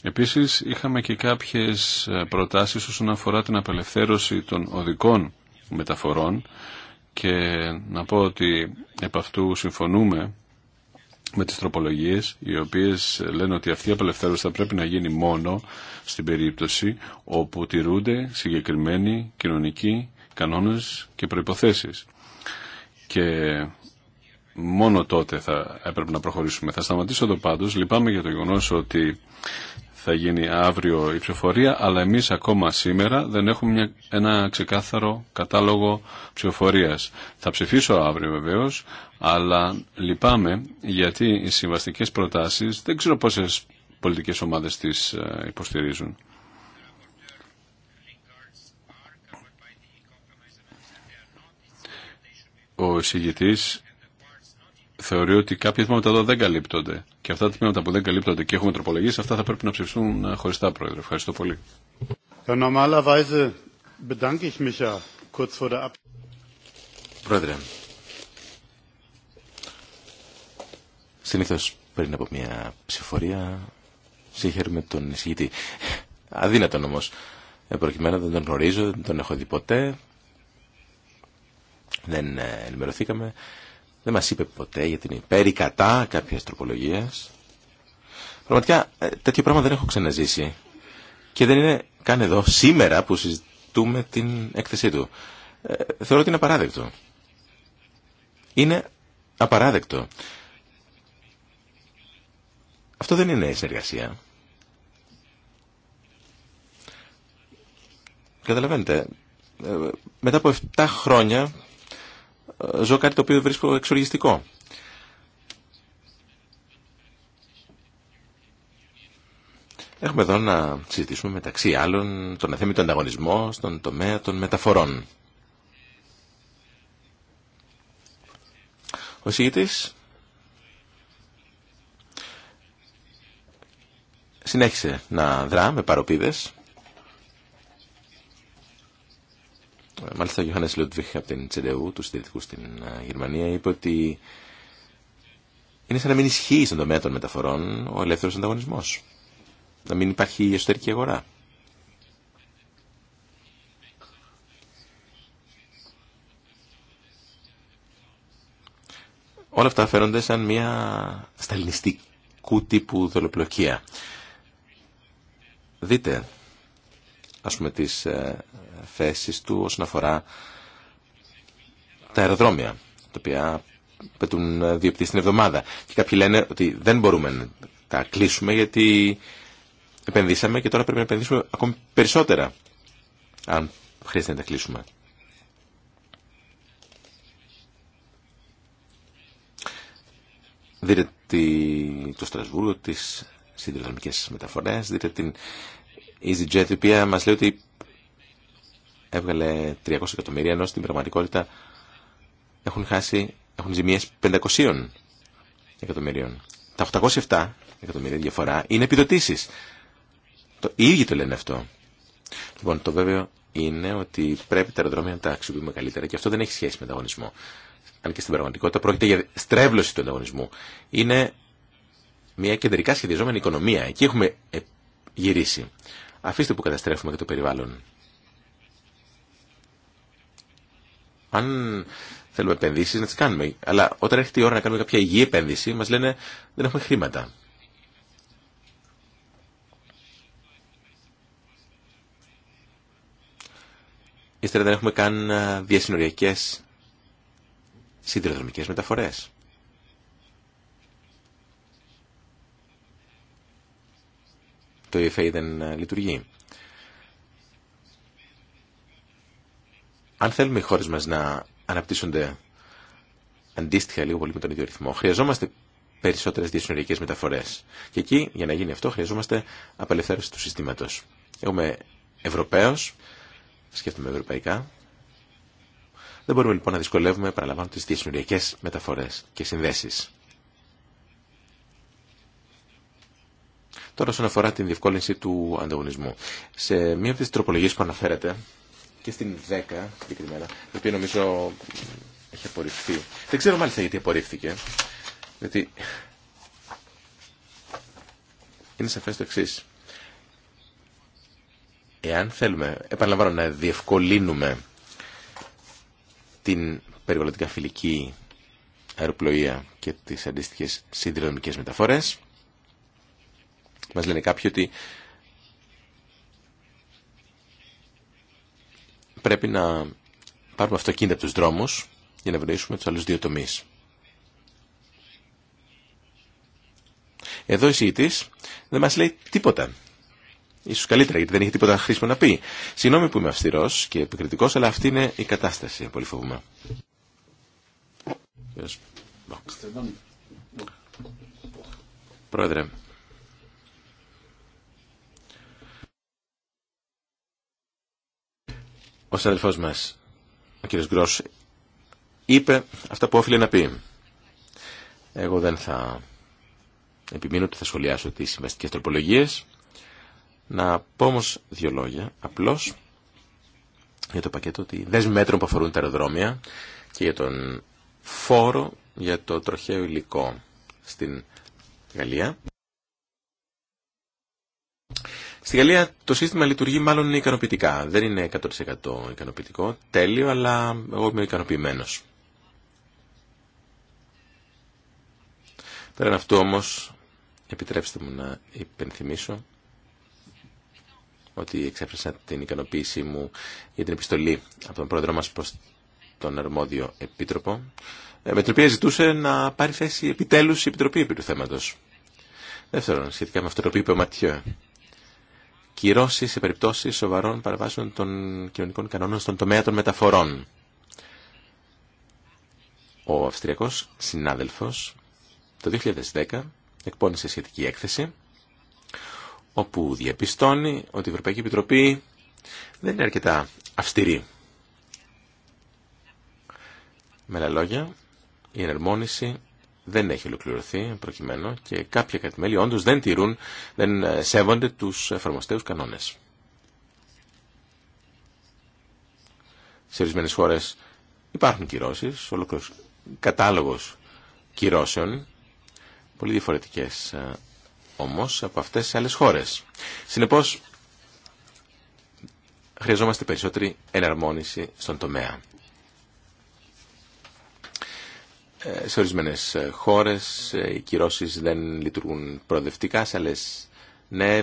[SPEAKER 1] Επίσης είχαμε και κάποιες ε, προτάσεις όσον αφορά την απελευθέρωση των οδικών μεταφορών και να πω ότι επ' αυτού συμφωνούμε με τις τροπολογίες οι οποίες λένε ότι αυτή η απελευθέρωση θα πρέπει να γίνει μόνο στην περίπτωση όπου τηρούνται συγκεκριμένοι κοινωνικοί κανόνες και προϋποθέσεις. Και μόνο τότε θα έπρεπε να προχωρήσουμε. Θα σταματήσω εδώ πάντως. Λυπάμαι για το γεγονός ότι θα γίνει αύριο η ψηφοφορία, αλλά εμείς ακόμα σήμερα δεν έχουμε ένα ξεκάθαρο κατάλογο ψηφοφορίας. Θα ψηφίσω αύριο βεβαίως, αλλά λυπάμαι γιατί οι συμβαστικές προτάσεις δεν ξέρω πόσες πολιτικές ομάδες τις ε, υποστηρίζουν. Ο εισηγητής θεωρεί ότι κάποια τμήματα εδώ δεν καλύπτονται. Και αυτά τα τμήματα που δεν καλύπτονται και έχουμε τροπολογήσει, αυτά θα πρέπει να ψηφιστούν ε, χωριστά, Πρόεδρε. Ευχαριστώ πολύ. Πρόεδρε,
[SPEAKER 3] συνήθω πριν από μια ψηφορία συγχαίρουμε τον εισηγητή. Αδύνατον όμω. Ε, προκειμένου δεν τον γνωρίζω, δεν τον έχω δει ποτέ. Δεν ε, ενημερωθήκαμε. Δεν μας είπε ποτέ για την υπέρ κατά κάποιας τροπολογίας. Πραγματικά ε, τέτοιο πράγμα δεν έχω ξαναζήσει. Και δεν είναι καν εδώ σήμερα που συζητούμε την έκθεσή του. Ε, θεωρώ ότι είναι απαράδεκτο. Είναι απαράδεκτο. Αυτό δεν είναι συνεργασία. Καταλαβαίνετε, ε, μετά από 7 χρόνια ζω κάτι το οποίο βρίσκω εξοργιστικό. Έχουμε εδώ να συζητήσουμε μεταξύ άλλων τον αθέμητο ανταγωνισμό στον τομέα των μεταφορών. Ο Σίγητης συνέχισε να δρά με παροπίδες Μάλιστα ο Γιώχανες Λούντβιχ από την Τσεντεού, του συντηρητικού στην ε, Γερμανία, είπε ότι είναι σαν να μην ισχύει στον τομέα των μεταφορών ο ελεύθερος ανταγωνισμός. Να μην υπάρχει εσωτερική αγορά. Όλα αυτά φέρονται σαν μια σταλινιστικού τύπου δολοπλοκία. Δείτε ας πούμε, τις ε, θέσεις του όσον αφορά τα αεροδρόμια, τα οποία πετούν δύο πτήσεις την εβδομάδα. Και κάποιοι λένε ότι δεν μπορούμε να τα κλείσουμε γιατί επενδύσαμε και τώρα πρέπει να επενδύσουμε ακόμη περισσότερα, αν χρειάζεται να τα κλείσουμε. Δείτε το Στρασβούργο, τις συνδυοδρομικές μεταφορές, δείτε την EasyJet, η οποία μας λέει ότι έβγαλε 300 εκατομμύρια, ενώ στην πραγματικότητα έχουν χάσει, έχουν ζημίες 500 εκατομμυρίων. Τα 807 εκατομμύρια διαφορά είναι επιδοτήσεις. Το, οι ίδιοι το λένε αυτό. Λοιπόν, το βέβαιο είναι ότι πρέπει τα αεροδρόμια να τα αξιοποιούμε καλύτερα και αυτό δεν έχει σχέση με ανταγωνισμό. Αν και στην πραγματικότητα πρόκειται για στρέβλωση του ανταγωνισμού. Είναι μια κεντρικά σχεδιαζόμενη οικονομία. Εκεί έχουμε γυρίσει. Αφήστε που καταστρέφουμε και το περιβάλλον. Αν θέλουμε επενδύσει, να τι κάνουμε. Αλλά όταν έρχεται η ώρα να κάνουμε κάποια υγιή επένδυση μα λένε δεν έχουμε χρήματα. Ύστερα δεν έχουμε καν διασυνοριακές σιδηροδρομικές μεταφορές. το EFA δεν ε, λειτουργεί. Αν θέλουμε οι χώρε μα να αναπτύσσονται αντίστοιχα λίγο πολύ με τον ίδιο ρυθμό, χρειαζόμαστε περισσότερε διασυνοριακέ μεταφορέ. Και εκεί, για να γίνει αυτό, χρειαζόμαστε απελευθέρωση του συστήματο. Εγώ είμαι Ευρωπαίο, σκέφτομαι ευρωπαϊκά. Δεν μπορούμε λοιπόν να δυσκολεύουμε, παραλαμβάνω, τι διασυνοριακέ μεταφορέ και συνδέσει. Τώρα, όσον αφορά την διευκόλυνση του ανταγωνισμού. Σε μία από τι τροπολογίε που αναφέρεται, και στην 10 συγκεκριμένα, η οποία νομίζω έχει απορριφθεί. Δεν ξέρω μάλιστα γιατί απορρίφθηκε. Γιατί είναι σαφέ το εξή. Εάν θέλουμε, επαναλαμβάνω, να διευκολύνουμε την περιβαλλοντικά φιλική αεροπλοεία και τις αντίστοιχες συνδυοδομικές μεταφορές, μας λένε κάποιοι ότι πρέπει να πάρουμε αυτοκίνητα από τους δρόμους για να ευνοήσουμε τους άλλους δύο τομείς. Εδώ η ΣΥΙΤΙΣ δεν μας λέει τίποτα. Ίσως καλύτερα γιατί δεν έχει τίποτα χρήσιμο να πει. Συγγνώμη που είμαι αυστηρός και επικριτικός, αλλά αυτή είναι η κατάσταση, πολύ φοβούμαι. Πρόεδρε, ο συναδελφός μας, ο κύριος Γκρός, είπε αυτά που όφιλε να πει. Εγώ δεν θα επιμείνω ότι θα σχολιάσω τις συμβαστικές τροπολογίες. Να πω όμω δύο λόγια, απλώς για το πακέτο ότι δέσμη μέτρων που αφορούν τα αεροδρόμια και για τον φόρο για το τροχαίο υλικό στην Γαλλία. Στη Γαλλία το σύστημα λειτουργεί μάλλον ικανοποιητικά. Δεν είναι 100% ικανοποιητικό, τέλειο, αλλά εγώ είμαι ικανοποιημένο. Πέραν αυτού όμως, επιτρέψτε μου να υπενθυμίσω ότι εξέφρασα την ικανοποίησή μου για την επιστολή από τον πρόεδρό μας προ τον αρμόδιο επίτροπο, ε, με την οποία ζητούσε να πάρει θέση επιτέλου η Επιτροπή επί του θέματος. Δεύτερον, σχετικά με αυτό το οποίο είπε ο Ματιέ, κυρώσει σε περιπτώσει σοβαρών παραβάσεων των κοινωνικών κανόνων στον τομέα των μεταφορών. Ο Αυστριακός συνάδελφος το 2010 εκπώνησε σχετική έκθεση όπου διαπιστώνει ότι η Ευρωπαϊκή Επιτροπή δεν είναι αρκετά αυστηρή. Με άλλα λόγια, η ενερμόνιση δεν έχει ολοκληρωθεί προκειμένου και κάποια κατημέλη όντως δεν τηρούν, δεν ε, σέβονται τους εφαρμοστέους κανόνες. Σε ορισμένε χώρε υπάρχουν κυρώσει, ολόκληρο κατάλογος κυρώσεων, πολύ διαφορετικέ ε, όμως από αυτές σε άλλε χώρε. Συνεπώς, χρειαζόμαστε περισσότερη εναρμόνιση στον τομέα. Ε, σε ορισμένε ε, χώρες ε, οι κυρώσει δεν λειτουργούν προοδευτικά, σε ναι.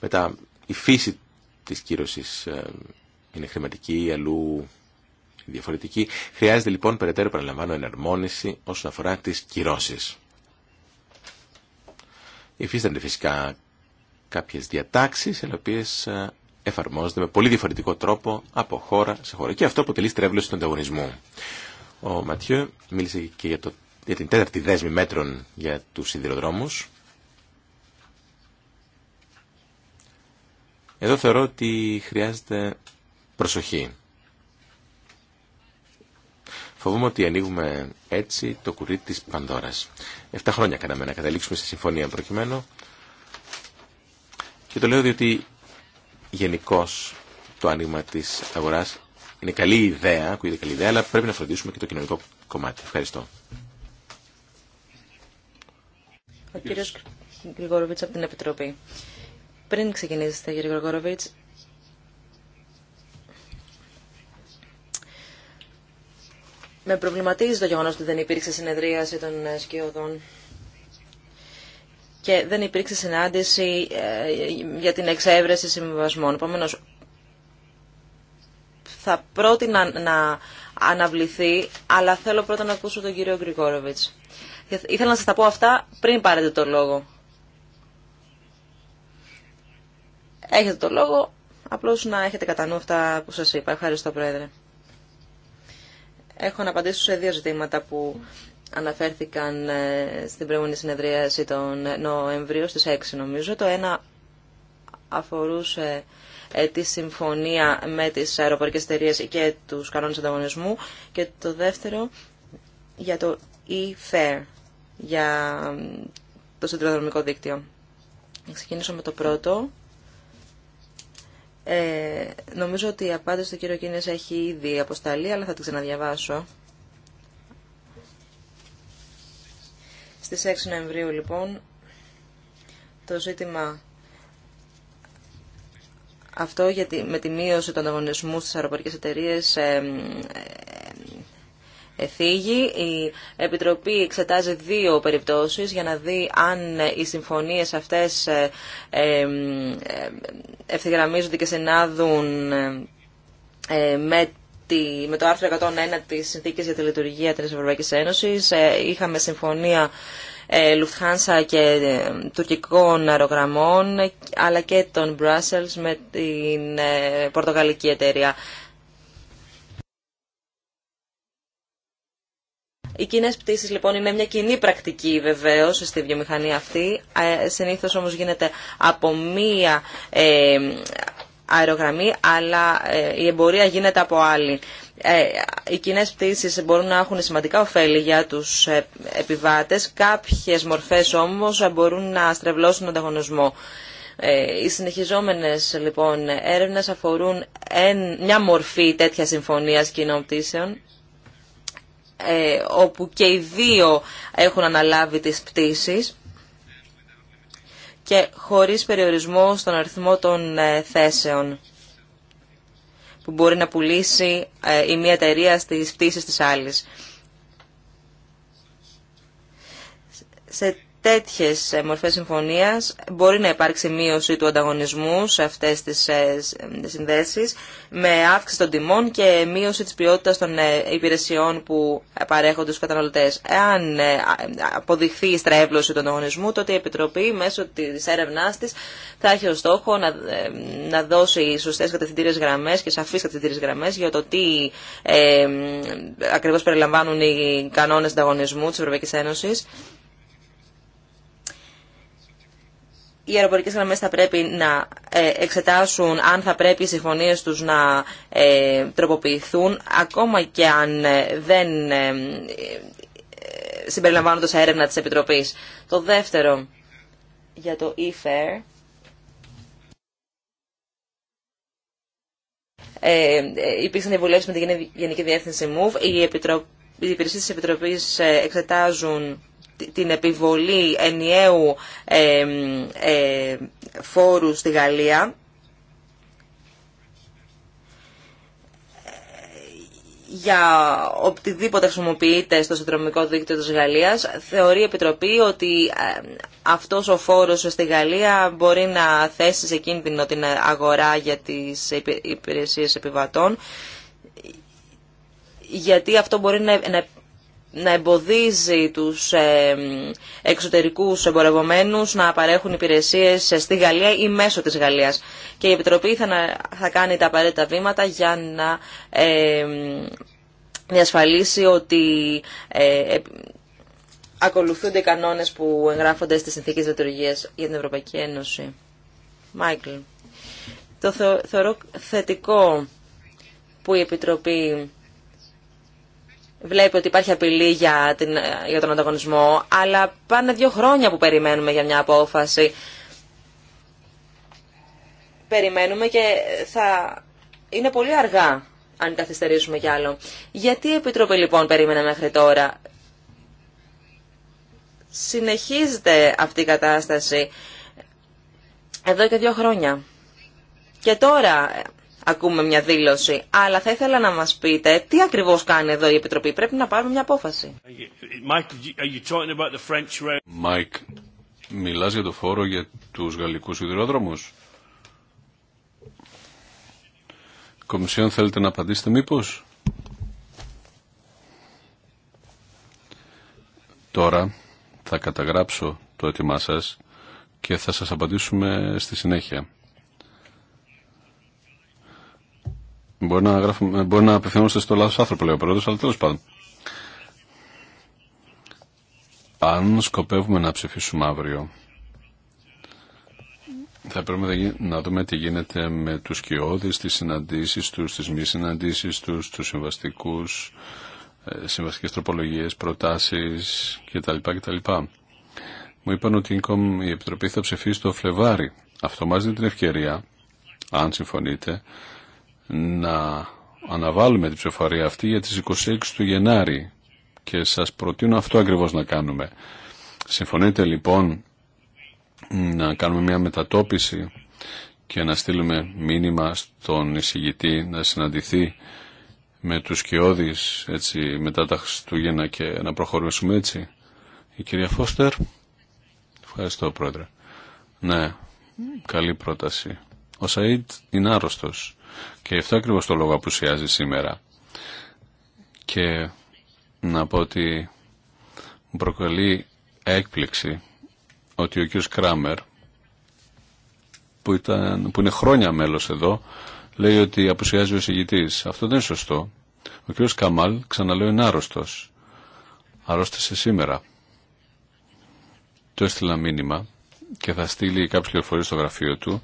[SPEAKER 3] Μετά η φύση της κύρωση είναι χρηματική αλλού διαφορετική. Χρειάζεται λοιπόν περαιτέρω παραλαμβάνω εναρμόνιση όσον αφορά τι κυρώσει. Υφίστανται φυσικά κάποιε διατάξεις, οι εφαρμόζεται με πολύ διαφορετικό τρόπο από χώρα σε χώρα. Και αυτό αποτελεί στρέβλωση του ανταγωνισμού. Ο Ματιού μίλησε και για, την τέταρτη δέσμη μέτρων για του σιδηροδρόμου. Εδώ θεωρώ ότι χρειάζεται προσοχή. Φοβούμαι ότι ανοίγουμε έτσι το κουρί της Πανδώρας. Εφτά χρόνια κάναμε να καταλήξουμε στη συμφωνία προκειμένου. Και το λέω διότι γενικώ το άνοιγμα τη αγορά. Είναι καλή ιδέα, ακούγεται καλή ιδέα, αλλά πρέπει να φροντίσουμε και το κοινωνικό κομμάτι. Ευχαριστώ.
[SPEAKER 2] Ο κύριο Γρηγοροβίτ από την Επιτροπή. Πριν ξεκινήσετε, κύριε Γρηγοροβίτ, με προβληματίζει το γεγονό ότι δεν υπήρξε συνεδρίαση των σκιωδών και δεν υπήρξε συνάντηση ε, για την εξέβρεση συμβιβασμών. Επομένως, θα πρότεινα να αναβληθεί, αλλά θέλω πρώτα να ακούσω τον κύριο Γκρικόροβιτς. Ήθελα να σας τα πω αυτά πριν πάρετε το λόγο. Έχετε το λόγο, απλώς να έχετε κατά νου αυτά που σας είπα. Ευχαριστώ, Πρόεδρε. Έχω να απαντήσω σε δύο ζητήματα που αναφέρθηκαν ε, στην προηγούμενη συνεδρίαση τον Νοεμβρίο, στις 6 νομίζω. Το ένα αφορούσε ε, τη συμφωνία με τις αεροπορικές εταιρείε και τους κανόνες ανταγωνισμού και το δεύτερο για το e-fair, για το συντροδρομικό δίκτυο. Ξεκινήσω με το πρώτο. Ε, νομίζω ότι η απάντηση του κύριο Κίνης έχει ήδη αποσταλεί, αλλά θα την ξαναδιαβάσω. Στις 6 Νοεμβρίου λοιπόν το ζήτημα αυτό γιατί με τη μείωση των αγωνισμού στις αεροπορικές εταιρείες ε, ε, ε Η Επιτροπή εξετάζει δύο περιπτώσεις για να δει αν οι συμφωνίες αυτές ε, ευθυγραμμίζονται και συνάδουν με τη, με το άρθρο 101 της Συνθήκης για τη Λειτουργία της Ευρωπαϊκής Ένωσης. Ε, είχαμε συμφωνία Λουφτχάνσα ε, και ε, τουρκικών αερογραμμών, αλλά και των Brussels με την πορτογαλική εταιρεία. Οι κοινέ πτήσει λοιπόν είναι μια κοινή πρακτική βεβαίω στη βιομηχανία αυτή. Συνήθω όμω γίνεται από μία αερογραμμή, αλλά ε, η εμπορία γίνεται από άλλη. Ε, οι κοινέ πτήσει μπορούν να έχουν σημαντικά ωφέλη για του ε, επιβάτε. Κάποιε μορφέ όμω μπορούν να στρεβλώσουν τον ανταγωνισμό. Οι συνεχιζόμενες λοιπόν έρευνες αφορούν μια μορφή τέτοια συμφωνίας κοινών πτήσεων όπου και οι δύο έχουν αναλάβει τις πτήσεις και χωρίς περιορισμό στον αριθμό των ε, θέσεων που μπορεί να πουλήσει ε, η μία εταιρεία στις πτήσεις της άλλης. Σε τέτοιες ε, μορφές συμφωνίας μπορεί να υπάρξει μείωση του ανταγωνισμού σε αυτές τις ε, ε, συνδέσεις με αύξηση των τιμών και μείωση της ποιότητας των υπηρεσιών που παρέχονται στους καταναλωτές. Εάν αποδειχθεί η στρέβλωση του ανταγωνισμού, τότε η Επιτροπή μέσω της έρευνάς της θα έχει ως στόχο να, να δώσει σωστές κατευθυντήριες γραμμές και σαφείς κατευθυντήριες γραμμές για το τι ε, ακριβώς περιλαμβάνουν οι κανόνες ανταγωνισμού τη Ευρωπαϊκής οι αεροπορικές γραμμές θα πρέπει να ε, εξετάσουν αν θα πρέπει οι συμφωνίες τους να ε, τροποποιηθούν ακόμα και αν ε, δεν συμπεριλαμβάνονται σε έρευνα της Επιτροπής. Το δεύτερο για το e-fair υπήρξαν διαβουλεύσεις με την Γενική Διεύθυνση MOVE. Οι, επιτρο... οι υπηρεσίες της Επιτροπής εξετάζουν την επιβολή ενιαίου ε, φόρου στη Γαλλία για οτιδήποτε χρησιμοποιείται στο συνδρομικό δίκτυο της Γαλλίας θεωρεί η Επιτροπή ότι αυτός ο φόρος στη Γαλλία μπορεί να θέσει σε κίνδυνο την αγορά για τις υπηρεσίες επιβατών γιατί αυτό μπορεί να να εμποδίζει τους ε, εξωτερικούς εμπορευομένους να παρέχουν υπηρεσίες στη Γαλλία ή μέσω της Γαλλίας. Και η Επιτροπή θα κάνει τα απαραίτητα βήματα για να ε, διασφαλίσει ότι ε, ακολουθούνται οι κανόνες που εγγράφονται στις συνθήκες λειτουργίας για την Ευρωπαϊκή Ένωση. Μάικλ, το θεωρώ θετικό που η Επιτροπή βλέπει ότι υπάρχει απειλή για, την, για τον ανταγωνισμό, αλλά πάνε δύο χρόνια που περιμένουμε για μια απόφαση. Περιμένουμε και θα είναι πολύ αργά αν καθυστερήσουμε κι άλλο. Γιατί η Επιτροπή λοιπόν περίμενε μέχρι τώρα. Συνεχίζεται αυτή η κατάσταση εδώ και δύο χρόνια. Και τώρα ακούμε μια δήλωση. Αλλά θα ήθελα να μας πείτε τι ακριβώς κάνει εδώ η Επιτροπή. Πρέπει να πάρουμε μια απόφαση.
[SPEAKER 1] Μάικ, μιλάς για το φόρο για τους γαλλικούς σιδηρόδρομους. Κομισιόν θέλετε να απαντήσετε μήπως. Τώρα θα καταγράψω το έτοιμά σας και θα σας απαντήσουμε στη συνέχεια. Μπορεί να, γράφουμε, μπορεί να απευθυνόμαστε στο λάθο άνθρωπο, λέει ο πρόεδρος, αλλά τέλο πάντων. Αν σκοπεύουμε να ψηφίσουμε αύριο, θα πρέπει να δούμε τι γίνεται με τους κοιόδης, τις συναντήσεις τους, τις μη συναντήσεις τους, τους συμβαστικούς, ε, συμβαστικές τροπολογίες, προτάσεις κτλ. κτλ. Μου είπαν ότι η Επιτροπή θα ψηφίσει το Φλεβάρι. Αυτό μας δίνει την ευκαιρία, αν συμφωνείτε, να αναβάλουμε την ψηφοφορία αυτή για τις 26 του Γενάρη και σας προτείνω αυτό ακριβώς να κάνουμε. Συμφωνείτε λοιπόν να κάνουμε μια μετατόπιση και να στείλουμε μήνυμα στον εισηγητή να συναντηθεί με τους σκιώδεις έτσι, μετά τα Χριστούγεννα και να προχωρήσουμε έτσι. Η κυρία Φώστερ. Ευχαριστώ πρόεδρε. Ναι, καλή πρόταση. Ο Σαΐτ είναι άρρωστος. Και αυτό ακριβώ το λόγο απουσιάζει σήμερα. Και να πω ότι μου προκαλεί έκπληξη ότι ο κ. Κράμερ που, ήταν, που είναι χρόνια μέλος εδώ λέει ότι απουσιάζει ο Αυτό δεν είναι σωστό. Ο κ. Καμάλ ξαναλέω είναι άρρωστος. Αρρώστησε σήμερα. Του έστειλα μήνυμα και θα στείλει κάποιες πληροφορίες στο γραφείο του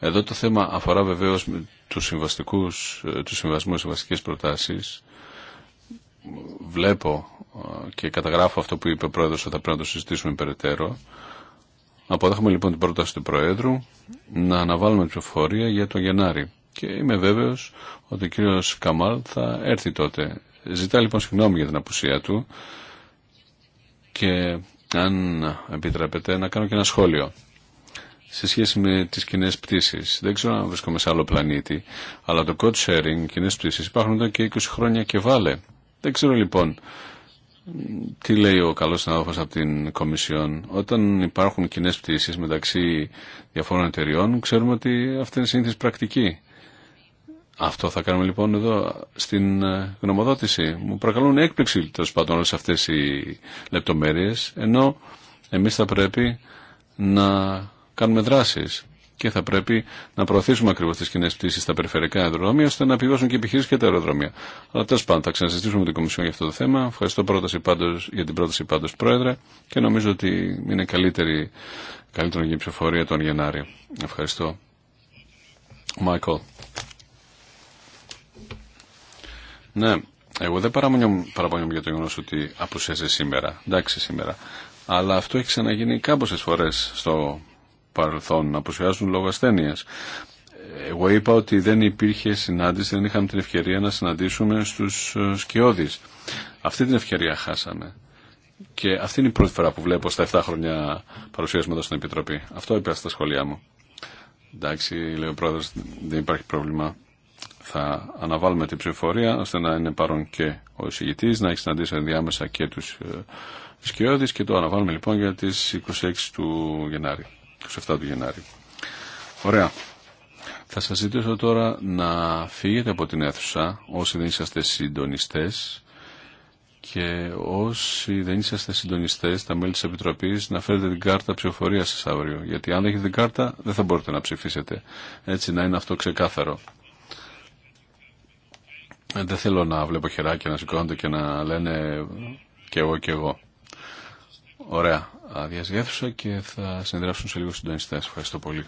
[SPEAKER 1] εδώ το θέμα αφορά βεβαίως τους συμβαστικούς, ε, τους συμβασμούς, συμβαστικές προτάσεις. Βλέπω ε, και καταγράφω αυτό που είπε ο Πρόεδρος ότι θα πρέπει να το συζητήσουμε περαιτέρω. Αποδέχομαι λοιπόν την πρόταση του Προέδρου να αναβάλουμε ψηφοφορία για τον Γενάρη. Και είμαι βέβαιος ότι ο κύριος Καμάλ θα έρθει τότε. Ζητά λοιπόν συγγνώμη για την απουσία του και αν επιτρέπετε να κάνω και ένα σχόλιο σε σχέση με τις κοινέ πτήσει. Δεν ξέρω αν βρίσκομαι σε άλλο πλανήτη, αλλά το code sharing, κοινέ πτήσει υπάρχουν εδώ και 20 χρόνια και βάλε. Δεν ξέρω λοιπόν τι λέει ο καλός συνάδελφος από την Κομισιόν. Όταν υπάρχουν κοινέ πτήσει μεταξύ διαφόρων εταιριών, ξέρουμε ότι αυτή είναι συνήθις πρακτική. Αυτό θα κάνουμε λοιπόν εδώ στην ε, γνωμοδότηση. Μου προκαλούν έκπληξη τέλο πάντων όλε αυτέ οι λεπτομέρειε, ενώ εμεί θα πρέπει να κάνουμε δράσει και θα πρέπει να προωθήσουμε ακριβώ τι κοινέ πτήσει στα περιφερειακά αεροδρόμια ώστε να επιβιώσουν και επιχειρήσει και τα αεροδρόμια. Αλλά τέλο πάντων, θα ξανασυζητήσουμε με την Κομισιόν για αυτό το θέμα. Ευχαριστώ πρόταση πάντως, για την πρόταση πάντω, Πρόεδρε, και νομίζω ότι είναι καλύτερη, καλύτερη η ψηφοφορία τον Γενάρη. Ευχαριστώ. Μάικλ. Ναι, εγώ δεν παραπονιόμαι για το γεγονό ότι απουσιάζει σήμερα. Εντάξει, σήμερα. Αλλά αυτό έχει ξαναγίνει κάμποσε φορέ στο παρελθόν, να αποσιάζουν λόγω ασθένεια. Εγώ είπα ότι δεν υπήρχε συνάντηση, δεν είχαμε την ευκαιρία να συναντήσουμε στους ε, σκιώδεις. Αυτή την ευκαιρία χάσαμε. Και αυτή είναι η πρώτη φορά που βλέπω στα 7 χρόνια παρουσίας εδώ στην Επιτροπή. Αυτό είπα στα σχολεία μου. Εντάξει, λέει ο πρόεδρο, δεν υπάρχει πρόβλημα. Θα αναβάλουμε την ψηφορία ώστε να είναι παρόν και ο εισηγητή, να έχει συναντήσει ενδιάμεσα και του ε, σκιώδει και το αναβάλουμε λοιπόν για τι 26 του Γενάρη. 27 του Γενάρη. Ωραία. Θα σας ζητήσω τώρα να φύγετε από την αίθουσα όσοι δεν είσαστε συντονιστές και όσοι δεν είσαστε συντονιστές, τα μέλη της Επιτροπής, να φέρετε την κάρτα ψηφοφορία σας αύριο. Γιατί αν δεν έχετε την κάρτα δεν θα μπορείτε να ψηφίσετε. Έτσι να είναι αυτό ξεκάθαρο. Δεν θέλω να βλέπω χεράκια να σηκώνονται και να λένε και εγώ και εγώ. Ωραία άδειας και θα συνδράσουν σε λίγο συντονιστές. Ευχαριστώ πολύ.